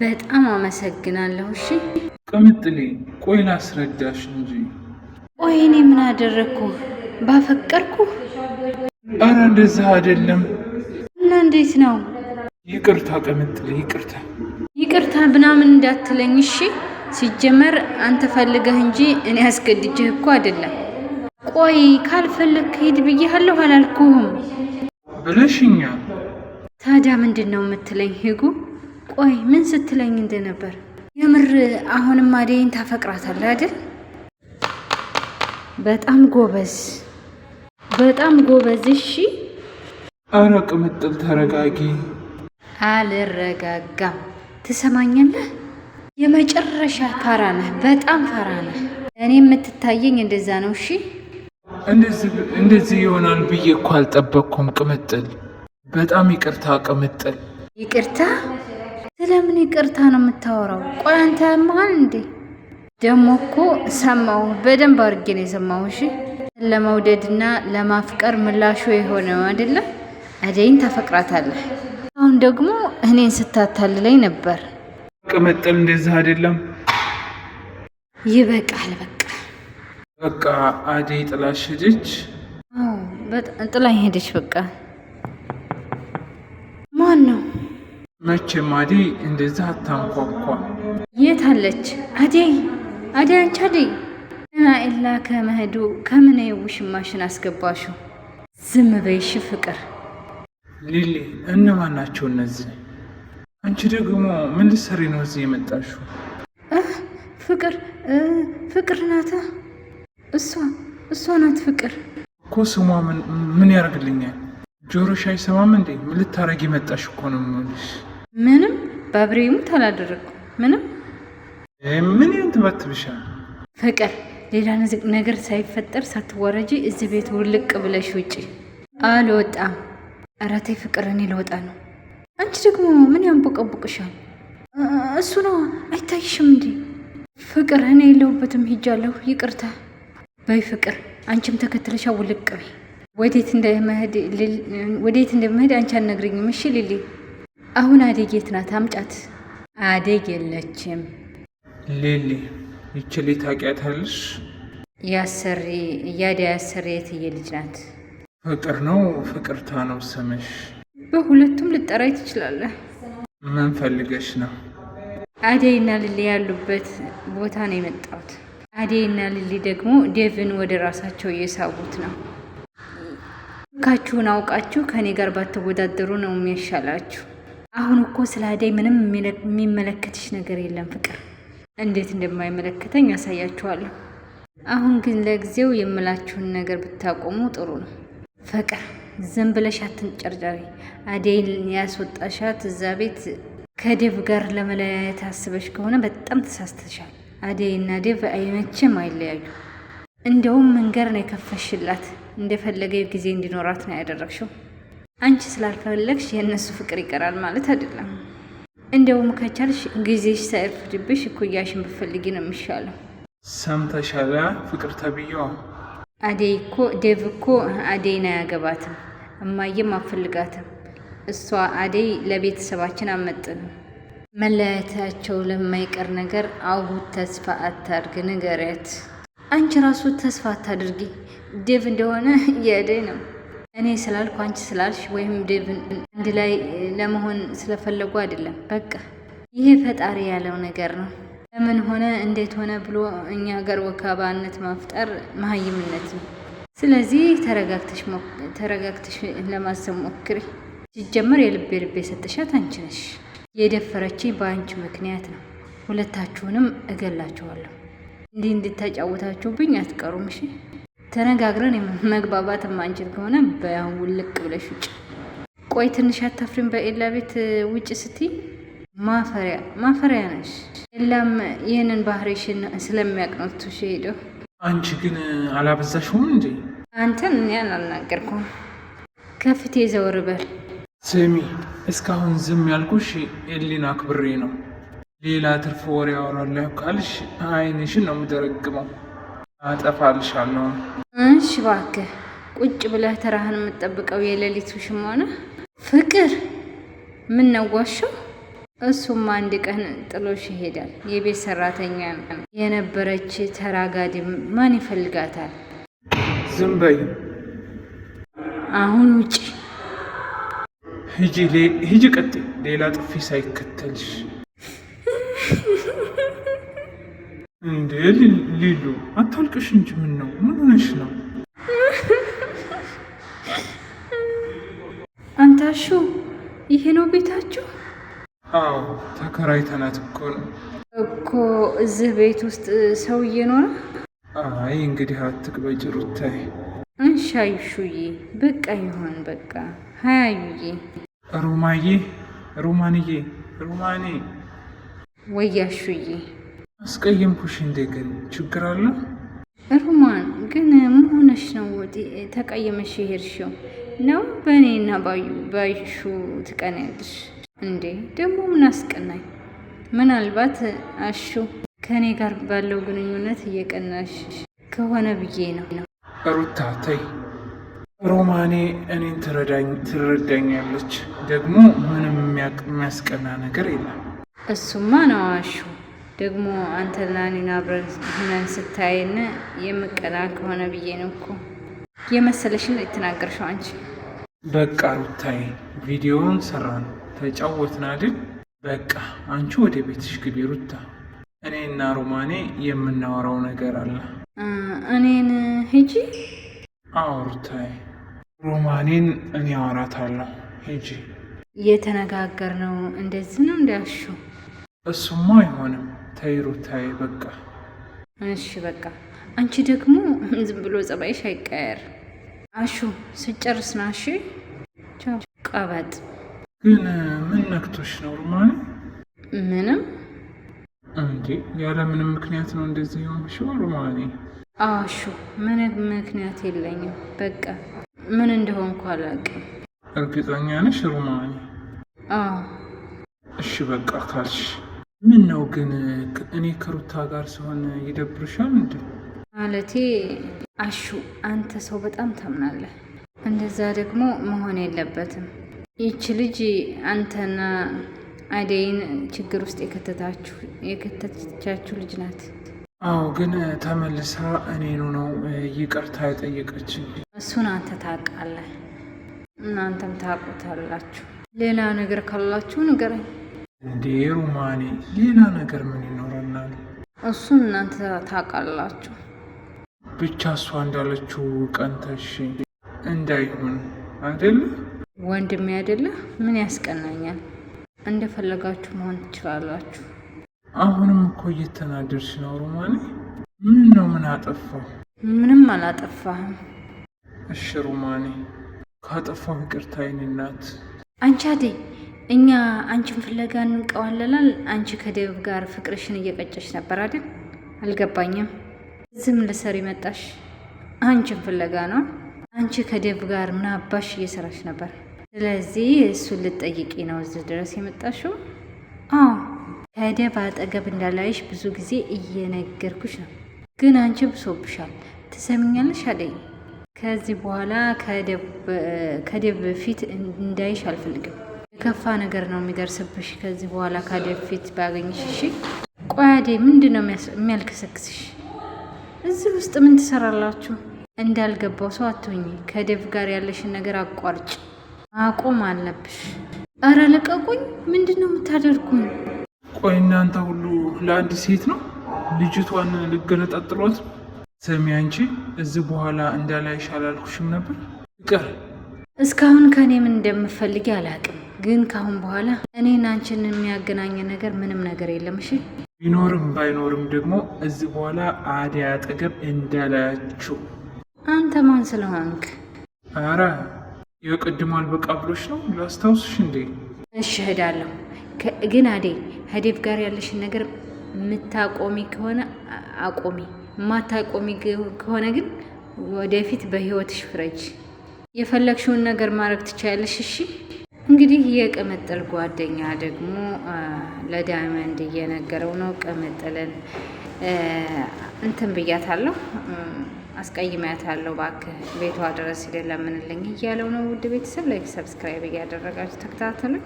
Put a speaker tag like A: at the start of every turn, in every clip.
A: በጣም አመሰግናለሁ። እሺ
B: ቅምጥሌ፣ ቆይ ላስረዳሽ እንጂ።
A: ቆይ እኔ ምን አደረግኩ? ባፈቀርኩ?
B: አረ እንደዛ አይደለም።
A: እና እንዴት ነው?
B: ይቅርታ ቅምጥሌ፣ ይቅርታ
A: ይቅርታ ምናምን እንዳትለኝ እሺ። ሲጀመር አንተ ፈልገህ እንጂ እኔ አስገድጅህ እኮ አይደለም። ቆይ ካልፈለግክ ሄድ ብያለሁ አላልኩህም? ብለሽኛ ታዲያ ምንድን ነው የምትለኝ ህጉ? ቆይ ምን ስትለኝ እንደነበር የምር አሁንም አደይን ታፈቅራታለህ አይደል? በጣም ጎበዝ፣ በጣም ጎበዝ። እሺ።
B: አረ ቅምጥል ተረጋጊ።
A: አልረጋጋም። ትሰማኛለህ? የመጨረሻ ፋራ ነህ፣ በጣም ፋራ ነህ። እኔ የምትታየኝ እንደዛ ነው። እሺ።
B: እንደዚህ ይሆናል ብዬ እኮ አልጠበቅኩም ቅምጥል። በጣም ይቅርታ ቅምጥል፣
A: ይቅርታ ስለምን ይቅርታ ነው የምታወራው? ቆይ አንተ ያመሃል እንዴ? ደግሞ እኮ ሰማው በደንብ አድርጌ ነው የሰማሁ። እሺ ለመውደድና ለማፍቀር ምላሹ የሆነው አይደለም። አደይን ታፈቅራታለህ። አሁን ደግሞ እኔን ስታታልለኝ ነበር።
B: ቅምጥል እንደዚህ አይደለም።
A: ይበቃል። በቃ
B: በቃ አደይ ጥላሽ ሄደች።
A: ጥላኝ ሄደች። በቃ ማን ነው
B: መቼም አዴ እንደዛ አታንኳኳ።
A: የት አለች አዴ አዴ አንቺ አደይ እና ኢላ ከመሄዱ ከምን ውሽማሽን አስገባሹ? ዝም በይሽ ፍቅር።
B: ሊሊ እነማን ናቸው እነዚህ? አንቺ ደግሞ ምን ልትሰሪ ነው እዚህ የመጣሹ?
A: ፍቅር ፍቅር ናታ። እሷ እሷ ናት ፍቅር
B: እኮ ስሟ ምን ያደርግልኛል? ጆሮሽ አይሰማም እንዴ? ምን ልታረጊ መጣሽ እኮ ነው የምልሽ።
A: ምንም ሙት አላደረግኩም። ምንም
B: ምን ይሁን ትበት ብሻ
A: ፍቅር፣ ሌላ ነገር ሳይፈጠር ሳትወረጂ እዚህ ቤት ውልቅ ብለሽ ውጪ። አልወጣም። ኧረ ተይ ፍቅር፣ እኔ ልወጣ ነው። አንቺ ደግሞ ምን ያንቦቀቦቅሻል? እሱ ነው አይታይሽም እንዴ? ፍቅር፣ እኔ የለሁበትም ሂጃለሁ። ይቅርታ በይ ፍቅር፣ አንቺም ተከትለሻ ውልቅ በይ። ወዴት እንደመሄድ አንቺ አነግርኝ እሺ ሊሊ አሁን አደጌት ናት? አምጫት። አደግ የለችም።
B: ሌሊ ይችል ታውቂያታለሽ?
A: ያሰሪ እያደ ያሰሪ የትዬ ልጅ ናት።
B: ፍቅር ነው ፍቅርታ ነው ስምሽ።
A: በሁለቱም ልጠራይ ትችላለህ።
B: ምን ፈልገሽ ነው?
A: አደይና ልሊ ያሉበት ቦታ ነው የመጣሁት። አደይና ልሊ ደግሞ ዴቭን ወደ ራሳቸው እየሳቡት ነው። ካችሁን አውቃችሁ ከእኔ ጋር ባትወዳደሩ ነው የሚያሻላችሁ። አሁን እኮ ስለ አደይ ምንም የሚመለከትሽ ነገር የለም ፍቅር። እንዴት እንደማይመለከተኝ ያሳያችኋለሁ። አሁን ግን ለጊዜው የምላችሁን ነገር ብታቆሙ ጥሩ ነው። ፍቅር ዝም ብለሽ አትንጨርጨሪ። አደይን ያስወጣሻት እዛ ቤት ከዴቭ ጋር ለመለያየት አስበሽ ከሆነ በጣም ተሳስተሻል። አደይና ዴቭ አይመችም፣ አይለያዩ። እንደውም መንገር ነው የከፈሽላት። እንደፈለገ ጊዜ እንዲኖራት ነው ያደረግሽው። አንቺ ስላልፈለግሽ የእነሱ ፍቅር ይቀራል ማለት አይደለም። እንደውም ከቻልሽ ጊዜሽ ሳይርፍድብሽ እኩያሽን ብፈልጊ ነው የሚሻለው።
B: ሰምተሻል? ፍቅር ተብዬዋ
A: አዴይ እኮ ዴቭ እኮ አዴይን አያገባትም፣ እማዬም አፈልጋትም። እሷ አዴይ ለቤተሰባችን አመጥን። መለያየታቸው ለማይቀር ነገር አሁን ተስፋ አታድርግ፣ ንገሪያት። አንቺ ራሱ ተስፋ አታድርጊ። ዴቭ እንደሆነ የአዴይ ነው እኔ ስላልኩ አንቺ ስላልሽ ወይም ዴቭን አንድ ላይ ለመሆን ስለፈለጉ አይደለም። በቃ ይሄ ፈጣሪ ያለው ነገር ነው። ለምን ሆነ እንዴት ሆነ ብሎ እኛ ጋር ወካባነት ማፍጠር መሀይምነት ነው። ስለዚህ ተረጋግተሽ ለማሰብ ሞክሪ። ሲጀመር የልቤ ልቤ የሰጠሻት አንቺ ነሽ። የደፈረች በአንቺ ምክንያት ነው። ሁለታችሁንም እገላችኋለሁ። እንዲህ እንድታጫወታችሁብኝ አትቀሩም። እሺ ተነጋግረን መግባባት ማንችል ከሆነ በያሁን ውልቅ ብለሽ ውጭ። ቆይ ትንሽ አታፍሪም? በኤላ ቤት ውጭ ስቲ ማፈሪያ ማፈሪያ ነሽ። ኤላም ይህንን ባህሪሽን ስለሚያውቅ ነው ትቶሽ ሄደው።
B: አንቺ ግን አላበዛሽሁም እንዴ?
A: አንተን እኔን አልናገርኩም። ከፊቴ ዘወር በል።
B: ስሚ፣ እስካሁን ዝም ያልኩሽ ኤሊን አክብሬ ነው። ሌላ ትርፍ ወሬ አወራለሁ ካልሽ አይንሽን ነው የምደረግመው። አጠፋልሻለሁ።
A: ትንሽ እባክህ ቁጭ ብለህ ተራህን የምትጠብቀው የሌሊቱ ሽሞና ፍቅር ምን ነው እሱም አንድ ቀን ጥሎሽ ይሄዳል። የቤት ሰራተኛ የነበረች ተራጋዲ ማን ይፈልጋታል? ዝም በይ አሁን ውጪ
B: ሂጂ፣ ቀጥ ሌላ ጥፊ ሳይከተልሽ እንዴ! ሊሉ አታልቅሽ እንጂ ምን ነው ምን ሆነሽ ነው?
A: ጋሹ ይሄ ነው ቤታችሁ?
B: አዎ ተከራይተናት እኮ ነው።
A: እኮ እዚህ ቤት ውስጥ ሰው እየኖረ
B: አይ እንግዲህ አትቅበጭ ሩታይ።
A: እንሻይሹዬ በቃ ይሆን በቃ ሀያዩዬ
B: ሩማዬ ሩማንዬ ሩማኔ
A: ወያሹዬ
B: አስቀየምኩሽ እንዴ? ግን ችግር አለ
A: ሩማን? ግን ምን ሆነሽ ነው ተቀየመሽ የሄድሽው? ነው በእኔና ባይሹ ትቀናያለሽ እንዴ? ደግሞ ምን አስቀናኝ? ምናልባት አሹ ከእኔ ጋር ባለው ግንኙነት እየቀናሽ ከሆነ ብዬ ነው።
B: ሩታ ተይ፣ ሮማኔ እኔን ትረዳኛለች። ደግሞ ምንም የሚያስቀና ነገር የለም።
A: እሱማ ነው አሹ። ደግሞ አንተና እኔን አብረን ሆነን ስታይን የምቀና ከሆነ ብዬ ነው እኮ የመሰለሽን የተናገርሽው አንቺ
B: በቃ ሩታይ ቪዲዮውን ሰራን ተጫወትን አይደል? በቃ አንቺ ወደ ቤትሽ ግቢ ሩታ። እኔ እና ሮማኔ የምናወራው ነገር አለ።
A: እኔን ሂጂ።
B: አዎ ሩታይ፣ ሮማኔን እኔ አወራታለሁ። ሂጂ።
A: የተነጋገርነው እንደዚህ ነው እንዳያሹ።
B: እሱማ አይሆንም። ተይ ሩታይ፣ በቃ።
A: እሺ በቃ። አንቺ ደግሞ ዝም ብሎ ጸባይሽ አይቀየር። አሹ ስጨርስ ና እሺ። ቀበጥ
B: ግን ምን ነክቶሽ ነው ሩማን? ምንም እንዴ ያለ ምንም ምክንያት ነው እንደዚህ የሆንሽው ሩማኔ?
A: አሹ ምንም ምክንያት የለኝም። በቃ ምን እንደሆንኩ አላውቅም።
B: እርግጠኛ ነሽ ሩማኔ? እሺ በቃ ካልሽ ምን ነው ግን እኔ ከሩታ ጋር ሲሆን ይደብርሻል እንዴ?
A: ማለቴ አሹ አንተ ሰው በጣም ታምናለህ። እንደዛ ደግሞ መሆን የለበትም። ይቺ ልጅ አንተና አደይን ችግር ውስጥ የከተተቻችሁ ልጅ ናት።
B: አዎ፣ ግን ተመልሳ እኔኑ ነው ይቅርታ የጠየቀች።
A: እሱን አንተ ታውቃለህ፣ እናንተም ታውቁታላችሁ። ሌላ ነገር ካላችሁ ንገረኝ።
B: እንዴ ሩማኔ፣ ሌላ ነገር ምን ይኖረናል?
A: እሱን እናንተ ታውቃላችሁ።
B: ብቻ እሷ እንዳለችው ቀንተሽ እንዳይሆን አይደለ
A: ወንድሜ አይደለ? ምን ያስቀናኛል? እንደፈለጋችሁ መሆን ትችላላችሁ።
B: አሁንም እኮ እየተናደድሽ ነው ሮማኔ። ምን ነው ምን አጠፋው?
A: ምንም አላጠፋህም።
B: እሺ ሮማኔ፣ ካጠፋው ይቅርታ የኔ እናት።
A: አንቺ አደይ፣ እኛ አንቺን ፍለጋ እንቀዋለላል። አንቺ ከደብ ጋር ፍቅርሽን እየቀጨሽ ነበር አይደል? አልገባኝም ዝም ልሰሪ መጣሽ? አንቺን ፍለጋ ነው። አንቺ ከደብ ጋር ምን አባሽ እየሰራሽ ነበር? ስለዚህ እሱን ልጠይቂ ነው እዚህ ድረስ የመጣሽው? አዎ ከደብ አጠገብ እንዳላይሽ ብዙ ጊዜ እየነገርኩሽ ነው፣ ግን አንቺ ብሶብሻል። ትሰምኛለሽ አደይ? ከዚህ በኋላ ከደብ ፊት እንዳይሽ አልፈልግም። የከፋ ነገር ነው የሚደርስብሽ ከዚህ በኋላ ከደብ ፊት ባገኝሽ። እሺ? ቆይ አደይ ምንድን ነው የሚያልከሰክስሽ? እዚህ ውስጥ ምን ትሰራላችሁ? እንዳልገባው ሰው አትሁኝ። ከደብ ጋር ያለሽን ነገር አቋርጭ፣ አቁም አለብሽ። እረ ለቀቁኝ! ምንድን ነው የምታደርጉኝ?
B: ቆይ እናንተ ሁሉ ለአንድ ሴት ነው? ልጅቷን ልገለጣጥሏት። ስሚ አንቺ፣ እዚህ በኋላ እንዳላይሽ አላልኩሽም ነበር? ይቀር።
A: እስካሁን ከእኔ ምን እንደምፈልጊ አላውቅም፣ ግን ከአሁን በኋላ እኔን አንቺን የሚያገናኝ ነገር ምንም ነገር የለም። እሺ
B: ቢኖርም ባይኖርም ደግሞ እዚህ በኋላ አደይ አጠገብ እንዳላችሁ።
A: አንተ ማን ስለሆንክ?
B: አረ የቅድሞ አልበቃ ብሎች ነው ላስታውስሽ እንዴ?
A: እሺ እሄዳለሁ። ግን አደይ ከዴቭ ጋር ያለሽን ነገር የምታቆሚ ከሆነ አቆሚ፣ ማታቆሚ ከሆነ ግን ወደፊት በህይወትሽ ፍረጅ። የፈለግሽውን ነገር ማድረግ ትችያለሽ። እሺ እንግዲህ የቅምጥል ጓደኛ ደግሞ ለዳይመንድ እየነገረው ነው። ቅምጥልን እንትን ብያታለሁ፣ አስቀይሜያታለሁ፣ እባክህ ቤቷ ድረስ ሄደን ለምንልኝ እያለው ነው። ውድ ቤተሰብ ላይክ፣ ሰብስክራይብ እያደረጋችሁ ተከታተሉ።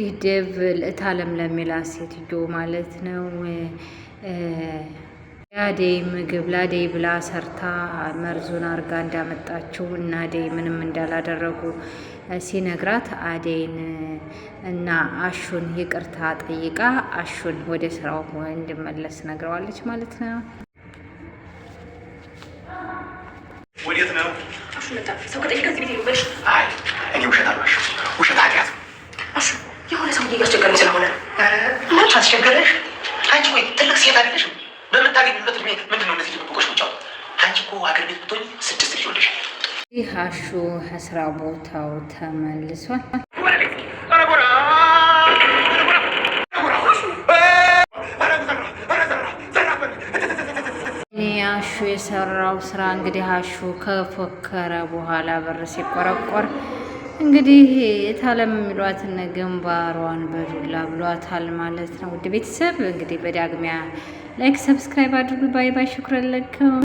A: ይህ ዴቭ እታለም ለሚላት ሴትዮ ማለት ነው የአደይ ምግብ ላደይ ብላ ሰርታ መርዙን አርጋ እንዳመጣችው እና ዴይ ምንም እንዳላደረጉ ሲነግራት አደይን እና አሹን ይቅርታ ጠይቃ አሹን ወደ ስራው እንድመለስ ነግረዋለች ማለት ነው። ወዴት ነው? ጋሹ ከስራ ቦታው ተመልሷል። አሹ የሰራው ስራ እንግዲህ አሹ ከፎከረ በኋላ በር ሲቆረቆር እንግዲህ የታለም የሚሏትን ግንባሯን በዱላ ብሏታል ማለት ነው። ውድ ቤተሰብ እንግዲህ በዳግሚያ ላይክ፣ ሰብስክራይብ አድርጉ። ባይ ባይ። ሽኩረን